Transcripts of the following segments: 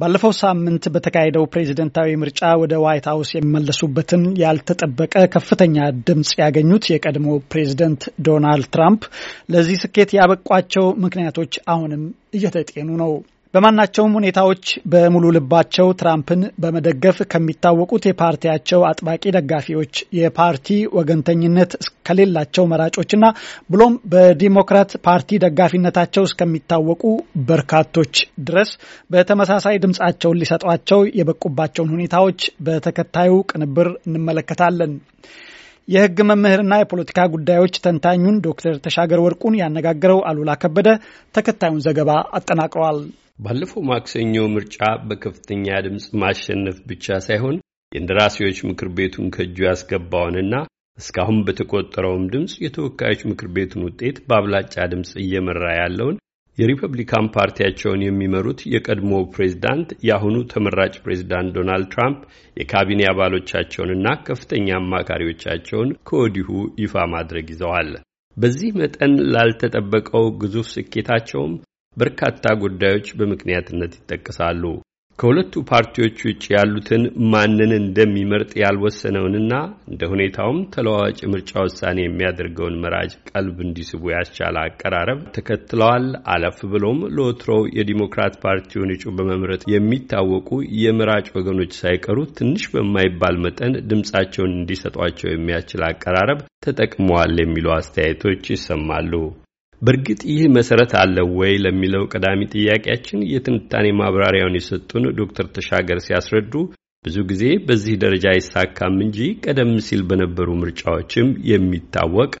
ባለፈው ሳምንት በተካሄደው ፕሬዝደንታዊ ምርጫ ወደ ዋይት ሀውስ የሚመለሱበትን ያልተጠበቀ ከፍተኛ ድምፅ ያገኙት የቀድሞ ፕሬዝደንት ዶናልድ ትራምፕ ለዚህ ስኬት ያበቋቸው ምክንያቶች አሁንም እየተጤኑ ነው። በማናቸውም ሁኔታዎች በሙሉ ልባቸው ትራምፕን በመደገፍ ከሚታወቁት የፓርቲያቸው አጥባቂ ደጋፊዎች የፓርቲ ወገንተኝነት ከሌላቸው መራጮችና ብሎም በዲሞክራት ፓርቲ ደጋፊነታቸው እስከሚታወቁ በርካቶች ድረስ በተመሳሳይ ድምፃቸውን ሊሰጧቸው የበቁባቸውን ሁኔታዎች በተከታዩ ቅንብር እንመለከታለን። የሕግ መምህርና የፖለቲካ ጉዳዮች ተንታኙን ዶክተር ተሻገር ወርቁን ያነጋገረው አሉላ ከበደ ተከታዩን ዘገባ አጠናቅረዋል። ባለፈው ማክሰኞ ምርጫ በከፍተኛ ድምፅ ማሸነፍ ብቻ ሳይሆን የእንደራሴዎች ምክር ቤቱን ከእጁ ያስገባውንና እስካሁን በተቆጠረውም ድምፅ የተወካዮች ምክር ቤቱን ውጤት በአብላጫ ድምፅ እየመራ ያለውን የሪፐብሊካን ፓርቲያቸውን የሚመሩት የቀድሞ ፕሬዚዳንት የአሁኑ ተመራጭ ፕሬዚዳንት ዶናልድ ትራምፕ የካቢኔ አባሎቻቸውንና ከፍተኛ አማካሪዎቻቸውን ከወዲሁ ይፋ ማድረግ ይዘዋል። በዚህ መጠን ላልተጠበቀው ግዙፍ ስኬታቸውም በርካታ ጉዳዮች በምክንያትነት ይጠቀሳሉ። ከሁለቱ ፓርቲዎች ውጭ ያሉትን ማንን እንደሚመርጥ ያልወሰነውንና እንደ ሁኔታውም ተለዋዋጭ ምርጫ ውሳኔ የሚያደርገውን መራጭ ቀልብ እንዲስቡ ያስቻለ አቀራረብ ተከትለዋል። አለፍ ብሎም ለወትሮው የዲሞክራት ፓርቲውን እጩ በመምረጥ የሚታወቁ የመራጭ ወገኖች ሳይቀሩ ትንሽ በማይባል መጠን ድምፃቸውን እንዲሰጧቸው የሚያስችል አቀራረብ ተጠቅመዋል የሚሉ አስተያየቶች ይሰማሉ። በእርግጥ ይህ መሰረት አለው ወይ ለሚለው ቀዳሚ ጥያቄያችን የትንታኔ ማብራሪያውን የሰጡን ዶክተር ተሻገር ሲያስረዱ ብዙ ጊዜ በዚህ ደረጃ አይሳካም እንጂ ቀደም ሲል በነበሩ ምርጫዎችም የሚታወቅ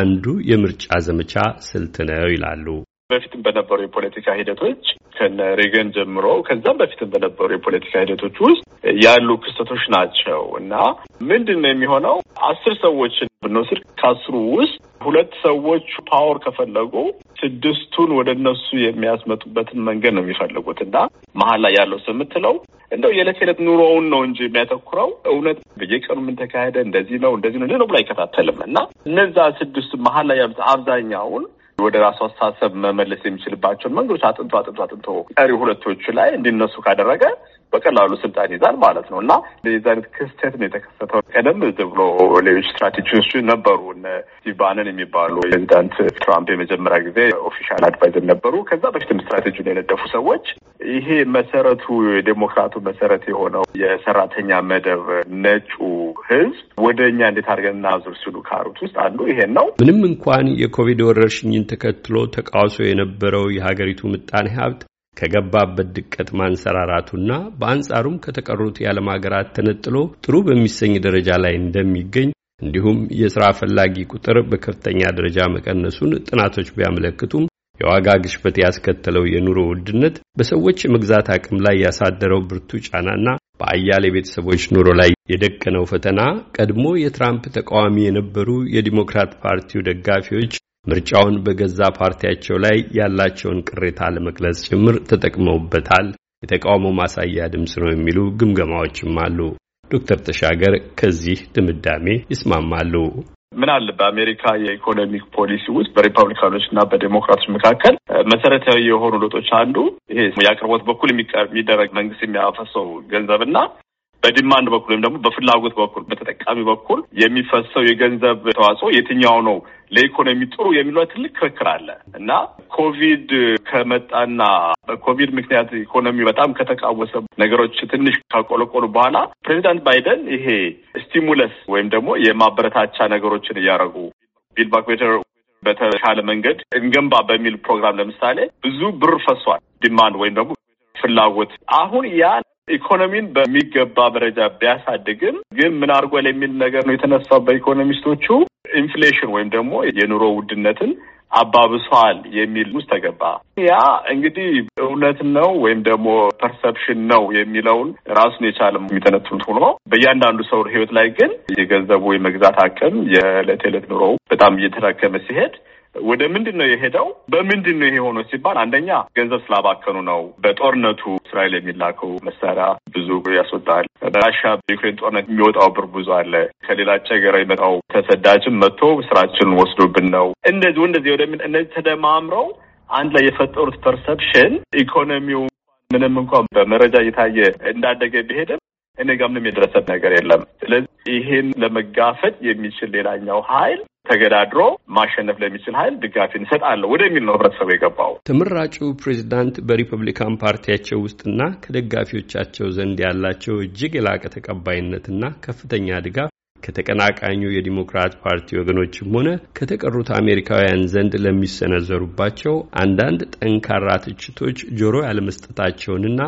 አንዱ የምርጫ ዘመቻ ስልት ነው ይላሉ። በፊትም በነበሩ የፖለቲካ ሂደቶች ከነ ሬገን ጀምሮ ከዛም በፊትም በነበሩ የፖለቲካ ሂደቶች ውስጥ ያሉ ክስተቶች ናቸው እና ምንድን ነው የሚሆነው? አስር ሰዎችን ብንወስድ ከአስሩ ውስጥ ሁለት ሰዎች ፓወር ከፈለጉ ስድስቱን ወደ እነሱ የሚያስመጡበትን መንገድ ነው የሚፈልጉት እና መሀል ላይ ያለው ሰው የምትለው እንደው የዕለት የዕለት ኑሮውን ነው እንጂ የሚያተኩረው እውነት በየቀኑ ምን ተካሄደ፣ እንደዚህ ነው እንደዚህ ነው ሌሎ ብሎ አይከታተልም እና እነዛ ስድስቱ መሀል ላይ ያሉት አብዛኛውን ወደ ራሱ አስተሳሰብ መመለስ የሚችልባቸውን መንገዶች አጥንቶ አጥንቶ አጥንቶ ቀሪ ሁለቶቹ ላይ እንዲነሱ ካደረገ በቀላሉ ስልጣን ይዛል ማለት ነው እና የዚ አይነት ክስተት ነው የተከሰተው። ቀደም ብሎ ሌሎች ስትራቴጂዎች ነበሩ። ስቲቭ ባነን የሚባሉ ፕሬዚዳንት ትራምፕ የመጀመሪያ ጊዜ ኦፊሻል አድቫይዘር ነበሩ። ከዛ በፊትም ስትራቴጂውን የነደፉ ሰዎች ይሄ መሰረቱ የዴሞክራቱ መሰረት የሆነው የሰራተኛ መደብ ነጩ ህዝብ ወደ እኛ እንዴት አድርገን እናዙር ሲሉ ካሩት ውስጥ አንዱ ይሄን ነው። ምንም እንኳን የኮቪድ ወረርሽኝን ተከትሎ ተቃውሶ የነበረው የሀገሪቱ ምጣኔ ሀብት ከገባበት ድቀት ማንሰራራቱና በአንጻሩም ከተቀሩት የዓለም ሀገራት ተነጥሎ ጥሩ በሚሰኝ ደረጃ ላይ እንደሚገኝ እንዲሁም የሥራ ፈላጊ ቁጥር በከፍተኛ ደረጃ መቀነሱን ጥናቶች ቢያመለክቱም የዋጋ ግሽበት ያስከተለው የኑሮ ውድነት በሰዎች የመግዛት አቅም ላይ ያሳደረው ብርቱ ጫናና በአያሌ ቤተሰቦች ኑሮ ላይ የደቀነው ፈተና ቀድሞ የትራምፕ ተቃዋሚ የነበሩ የዲሞክራት ፓርቲው ደጋፊዎች ምርጫውን በገዛ ፓርቲያቸው ላይ ያላቸውን ቅሬታ ለመግለጽ ጭምር ተጠቅመውበታል፣ የተቃውሞ ማሳያ ድምፅ ነው የሚሉ ግምገማዎችም አሉ። ዶክተር ተሻገር ከዚህ ድምዳሜ ይስማማሉ? ምን አለ በአሜሪካ የኢኮኖሚክ ፖሊሲ ውስጥ በሪፐብሊካኖች እና በዴሞክራቶች መካከል መሰረታዊ የሆኑ ለውጦች አንዱ ይሄ የአቅርቦት በኩል የሚደረግ መንግስት የሚያፈሰው ገንዘብ እና በዲማንድ በኩል ወይም ደግሞ በፍላጎት በኩል በተጠቃሚ በኩል የሚፈሰው የገንዘብ ተዋጽኦ የትኛው ነው ለኢኮኖሚ ጥሩ የሚለው ትልቅ ክርክር አለ እና ኮቪድ ከመጣና በኮቪድ ምክንያት ኢኮኖሚ በጣም ከተቃወሰ ነገሮች ትንሽ ካቆለቆሉ በኋላ ፕሬዚዳንት ባይደን ይሄ ስቲሙለስ ወይም ደግሞ የማበረታቻ ነገሮችን እያደረጉ ቢልድ ባክ ቤተር በተሻለ መንገድ እንገንባ በሚል ፕሮግራም ለምሳሌ ብዙ ብር ፈሷል። ዲማንድ ወይም ደግሞ ፍላጎት አሁን ያ ኢኮኖሚን በሚገባ ደረጃ ቢያሳድግም ግን ምን አድርጓል የሚል ነገር ነው የተነሳው በኢኮኖሚስቶቹ። ኢንፍሌሽን ወይም ደግሞ የኑሮ ውድነትን አባብሷል የሚል ውስጥ ተገባ። ያ እንግዲህ እውነት ነው ወይም ደግሞ ፐርሰፕሽን ነው የሚለውን ራሱን የቻለም የሚተነትኑት ሆኖ በእያንዳንዱ ሰው ህይወት ላይ ግን የገንዘቡ የመግዛት አቅም የዕለት ዕለት ኑሮው በጣም እየተዳከመ ሲሄድ ወደ ምንድን ነው የሄደው? በምንድን ነው ይሄ ሲባል አንደኛ ገንዘብ ስላባከኑ ነው። በጦርነቱ እስራኤል የሚላከው መሳሪያ ብዙ ያስወጣል። በራሻ በዩክሬን ጦርነት የሚወጣው ብር ብዙ አለ። ከሌላ ጨገራ የመጣው ተሰዳጅም መጥቶ ስራችንን ወስዶብን ነው። እንደዚህ እንደዚህ ወደ እነዚህ ተደማምረው አንድ ላይ የፈጠሩት ፐርሰፕሽን ኢኮኖሚው ምንም እንኳን በመረጃ እየታየ እንዳደገ ቢሄድም እኔ ምንም የደረሰብ ነገር የለም። ስለዚህ ይህን ለመጋፈጥ የሚችል ሌላኛው ኃይል ተገዳድሮ ማሸነፍ ለሚችል ሀይል ድጋፍ እንሰጣለሁ ወደሚል ነው ህብረተሰቡ የገባው። ተመራጩ ፕሬዚዳንት በሪፐብሊካን ፓርቲያቸው ውስጥና ከደጋፊዎቻቸው ዘንድ ያላቸው እጅግ የላቀ ተቀባይነትና ከፍተኛ ድጋፍ ከተቀናቃኙ የዲሞክራት ፓርቲ ወገኖችም ሆነ ከተቀሩት አሜሪካውያን ዘንድ ለሚሰነዘሩባቸው አንዳንድ ጠንካራ ትችቶች ጆሮ ያለመስጠታቸውንና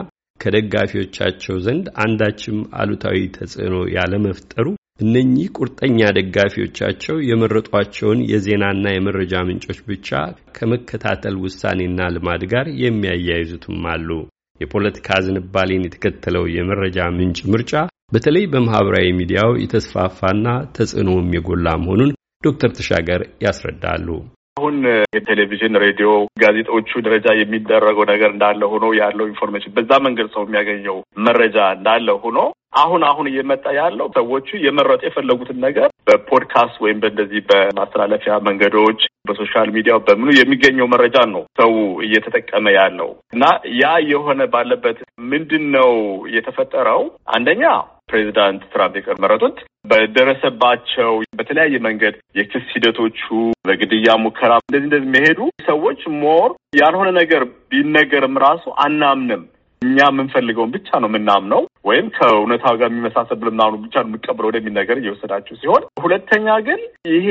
ከደጋፊዎቻቸው ዘንድ አንዳችም አሉታዊ ተጽዕኖ ያለመፍጠሩ እነኚህ ቁርጠኛ ደጋፊዎቻቸው የመረጧቸውን የዜናና የመረጃ ምንጮች ብቻ ከመከታተል ውሳኔና ልማድ ጋር የሚያያይዙትም አሉ። የፖለቲካ ዝንባሌን የተከተለው የመረጃ ምንጭ ምርጫ በተለይ በማህበራዊ ሚዲያው የተስፋፋና ተጽዕኖውም የጎላ መሆኑን ዶክተር ተሻገር ያስረዳሉ። አሁን የቴሌቪዥን ሬዲዮ፣ ጋዜጦቹ ደረጃ የሚደረገው ነገር እንዳለ ሆኖ ያለው ኢንፎርሜሽን በዛ መንገድ ሰው የሚያገኘው መረጃ እንዳለ ሆኖ አሁን አሁን እየመጣ ያለው ሰዎቹ የመረጡ የፈለጉትን ነገር በፖድካስት ወይም በእንደዚህ በማስተላለፊያ መንገዶች በሶሻል ሚዲያው በምኑ የሚገኘው መረጃ ነው ሰው እየተጠቀመ ያለው እና ያ የሆነ ባለበት ምንድን ነው የተፈጠረው አንደኛ ፕሬዚዳንት ትራምፕ የመረጡት በደረሰባቸው በተለያየ መንገድ የክስ ሂደቶቹ በግድያ ሙከራ እንደዚህ እንደዚህ መሄዱ ሰዎች ሞር ያልሆነ ነገር ቢነገርም ራሱ አናምንም እኛ የምንፈልገውን ብቻ ነው የምናምነው ወይም ከእውነታው ጋር የሚመሳሰል ብለን ምናምኑ ብቻ ነው የምንቀበለው ወደሚል ነገር እየወሰዳችሁ ሲሆን፣ ሁለተኛ ግን ይሄ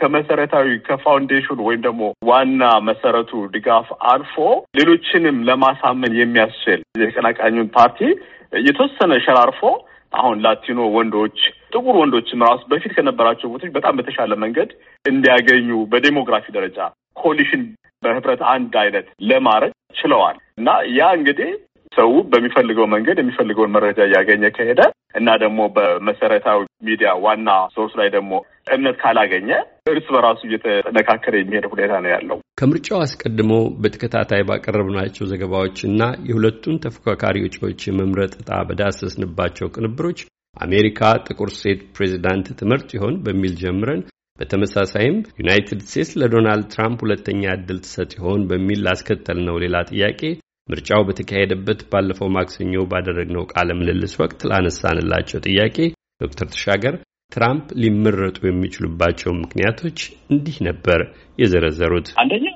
ከመሰረታዊ ከፋውንዴሽኑ ወይም ደግሞ ዋና መሰረቱ ድጋፍ አልፎ ሌሎችንም ለማሳመን የሚያስችል የተቀናቃኙን ፓርቲ የተወሰነ ሸራርፎ አሁን ላቲኖ ወንዶች፣ ጥቁር ወንዶችም ራሱ በፊት ከነበራቸው ቦቶች በጣም በተሻለ መንገድ እንዲያገኙ በዴሞግራፊ ደረጃ ኮሊሽን በህብረት አንድ አይነት ለማድረግ ችለዋል እና ያ እንግዲህ ሰው በሚፈልገው መንገድ የሚፈልገውን መረጃ እያገኘ ከሄደ እና ደግሞ በመሰረታዊ ሚዲያ ዋና ሶርስ ላይ ደግሞ እምነት ካላገኘ እርስ በራሱ እየተነካከረ የሚሄድ ሁኔታ ነው ያለው። ከምርጫው አስቀድሞ በተከታታይ ባቀረብናቸው ዘገባዎች እና የሁለቱን ተፎካካሪ እጩዎች የመምረጥ እጣ በዳሰስንባቸው ቅንብሮች አሜሪካ ጥቁር ሴት ፕሬዚዳንት ትምህርት ይሆን በሚል ጀምረን በተመሳሳይም ዩናይትድ ስቴትስ ለዶናልድ ትራምፕ ሁለተኛ እድል ትሰጥ ይሆን በሚል ላስከተል ነው ሌላ ጥያቄ ምርጫው በተካሄደበት ባለፈው ማክሰኞ ባደረግነው ቃለ ምልልስ ወቅት ላነሳንላቸው ጥያቄ ዶክተር ተሻገር ትራምፕ ሊመረጡ የሚችሉባቸው ምክንያቶች እንዲህ ነበር የዘረዘሩት። አንደኛ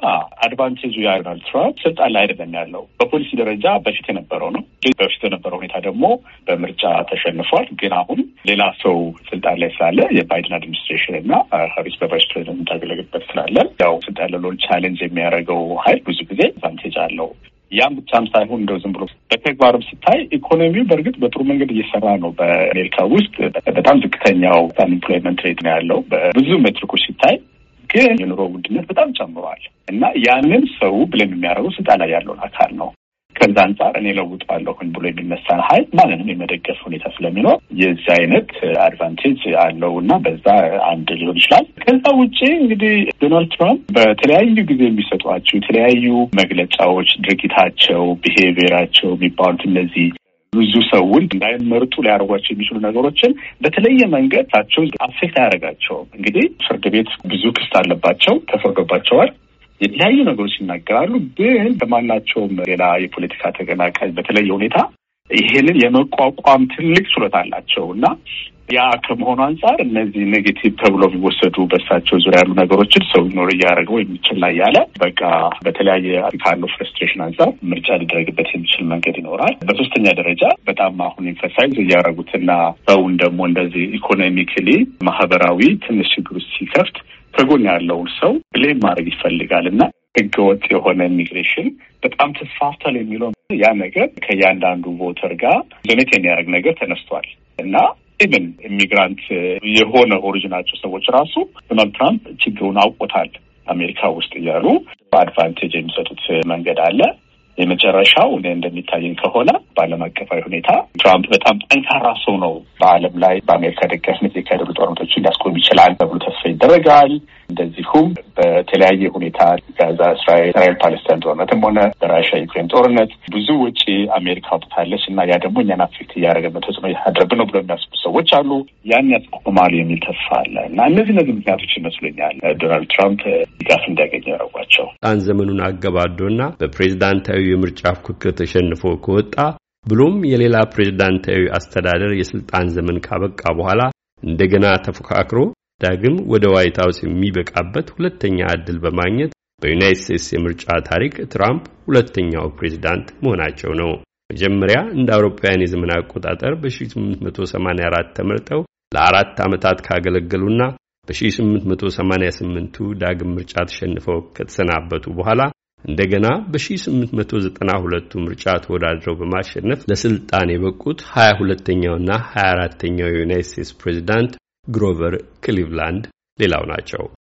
አድቫንቴጁ ያርናል ትራምፕ ስልጣን ላይ አይደለም ያለው፣ በፖሊሲ ደረጃ በፊት የነበረው ነው። በፊት የነበረው ሁኔታ ደግሞ በምርጫ ተሸንፏል። ግን አሁን ሌላ ሰው ስልጣን ላይ ስላለ የባይደን አድሚኒስትሬሽን እና ሀሪስ በቫይስ ፕሬዚደንት እንታገለግበት ስላለ ያው ስልጣን ለሎን ቻሌንጅ የሚያደርገው ሀይል ብዙ ጊዜ አድቫንቴጅ አለው። ያም ብቻም ሳይሆን እንደው ዝም ብሎ በተግባርም ስታይ ኢኮኖሚው በእርግጥ በጥሩ መንገድ እየሰራ ነው። በአሜሪካ ውስጥ በጣም ዝቅተኛው አንኤምፕሎይመንት ሬት ነው ያለው። በብዙ ሜትሪኮች ሲታይ ግን የኑሮ ውድነት በጣም ጨምሯል እና ያንን ሰው ብለን የሚያደርገው ስልጣን ላይ ያለውን አካል ነው። ከዛ አንጻር እኔ ለውጣለሁኝ ብሎ የሚነሳን ሀይል ማንንም የመደገፍ ሁኔታ ስለሚኖር የዚህ አይነት አድቫንቴጅ አለው እና በዛ አንድ ሊሆን ይችላል። ከዛ ውጭ እንግዲህ ዶናልድ ትራምፕ በተለያዩ ጊዜ የሚሰጧቸው የተለያዩ መግለጫዎች፣ ድርጊታቸው፣ ብሄቪራቸው የሚባሉት እነዚህ ብዙ ሰውን እንዳይመርጡ ሊያደርጓቸው የሚችሉ ነገሮችን በተለየ መንገድ ታቸው አፌክት አያደርጋቸውም። እንግዲህ ፍርድ ቤት ብዙ ክስት አለባቸው፣ ተፈርዶባቸዋል። የተለያዩ ነገሮች ይናገራሉ። ግን በማናቸውም ሌላ የፖለቲካ ተቀናቃኝ በተለየ ሁኔታ ይሄንን የመቋቋም ትልቅ ችሎታ አላቸው እና ያ ከመሆኑ አንጻር እነዚህ ኔጌቲቭ ተብሎ የሚወሰዱ በሳቸው ዙሪያ ያሉ ነገሮችን ሰው ኖር እያደረገው የሚችል ላይ ያለ በቃ በተለያየ ካለው ፍረስትሬሽን አንጻር ምርጫ ሊደረግበት የሚችል መንገድ ይኖራል። በሶስተኛ ደረጃ በጣም አሁን ኢንፈሳይዝ እያደረጉትና በውን ደግሞ እንደዚህ ኢኮኖሚክሊ ማህበራዊ ትንሽ ችግር ውስጥ ሲከፍት ከጎን ያለውን ሰው ብሌም ማድረግ ይፈልጋል እና ህገወጥ የሆነ ኢሚግሬሽን በጣም ተስፋፍቷል የሚለው ያ ነገር ከእያንዳንዱ ቮተር ጋር ዘኔት የሚያደርግ ነገር ተነስቷል እና ኢቨን ኢሚግራንት የሆነ ኦሪጂናቸው ሰዎች ራሱ ዶናልድ ትራምፕ ችግሩን አውቆታል አሜሪካ ውስጥ እያሉ በአድቫንቴጅ የሚሰጡት መንገድ አለ የመጨረሻው እኔ እንደሚታየኝ ከሆነ በዓለም አቀፋዊ ሁኔታ ትራምፕ በጣም ጠንካራ ሰው ነው። በዓለም ላይ በአሜሪካ ደጋፊነት የሚካሄዱ ጦርነቶችን ሊያስቆም ይችላል ተብሎ ተስፋ ይደረጋል። እንደዚሁም በተለያየ ሁኔታ ጋዛ፣ እስራኤል እስራኤል ፓለስታይን ጦርነትም ሆነ በራሽያ ዩክሬን ጦርነት ብዙ ውጪ አሜሪካ አውጥታለች እና ያ ደግሞ እኛን አፌክት እያደረገ ተጽዕኖ ያደረብ ነው ብሎ የሚያስቡ ሰዎች አሉ። ያን ያስቆማሉ የሚል ተስፋ አለ እና እነዚህ እነዚህ ምክንያቶች ይመስሉኛል ዶናልድ ትራምፕ ድጋፍ እንዲያገኝ ያደረጓቸው ጣን ዘመኑን አገባዶ እና በፕሬዚዳንታዊ በዛሬው የምርጫ ፉክክር ተሸንፎ ከወጣ ብሎም የሌላ ፕሬዝዳንታዊ አስተዳደር የስልጣን ዘመን ካበቃ በኋላ እንደገና ተፎካክሮ ዳግም ወደ ዋይት ሀውስ የሚበቃበት ሁለተኛ ዕድል በማግኘት በዩናይት ስቴትስ የምርጫ ታሪክ ትራምፕ ሁለተኛው ፕሬዝዳንት መሆናቸው ነው። መጀመሪያ እንደ አውሮፓውያን የዘመን አቆጣጠር በ1884 ተመርጠው ለአራት ዓመታት ካገለገሉና በ1888ቱ ዳግም ምርጫ ተሸንፈው ከተሰናበቱ በኋላ እንደገና በ1892ቱ ምርጫ ተወዳድረው በማሸነፍ ለስልጣን የበቁት 22ኛውና 24ኛው የዩናይት ስቴትስ ፕሬዚዳንት ግሮቨር ክሊቭላንድ ሌላው ናቸው።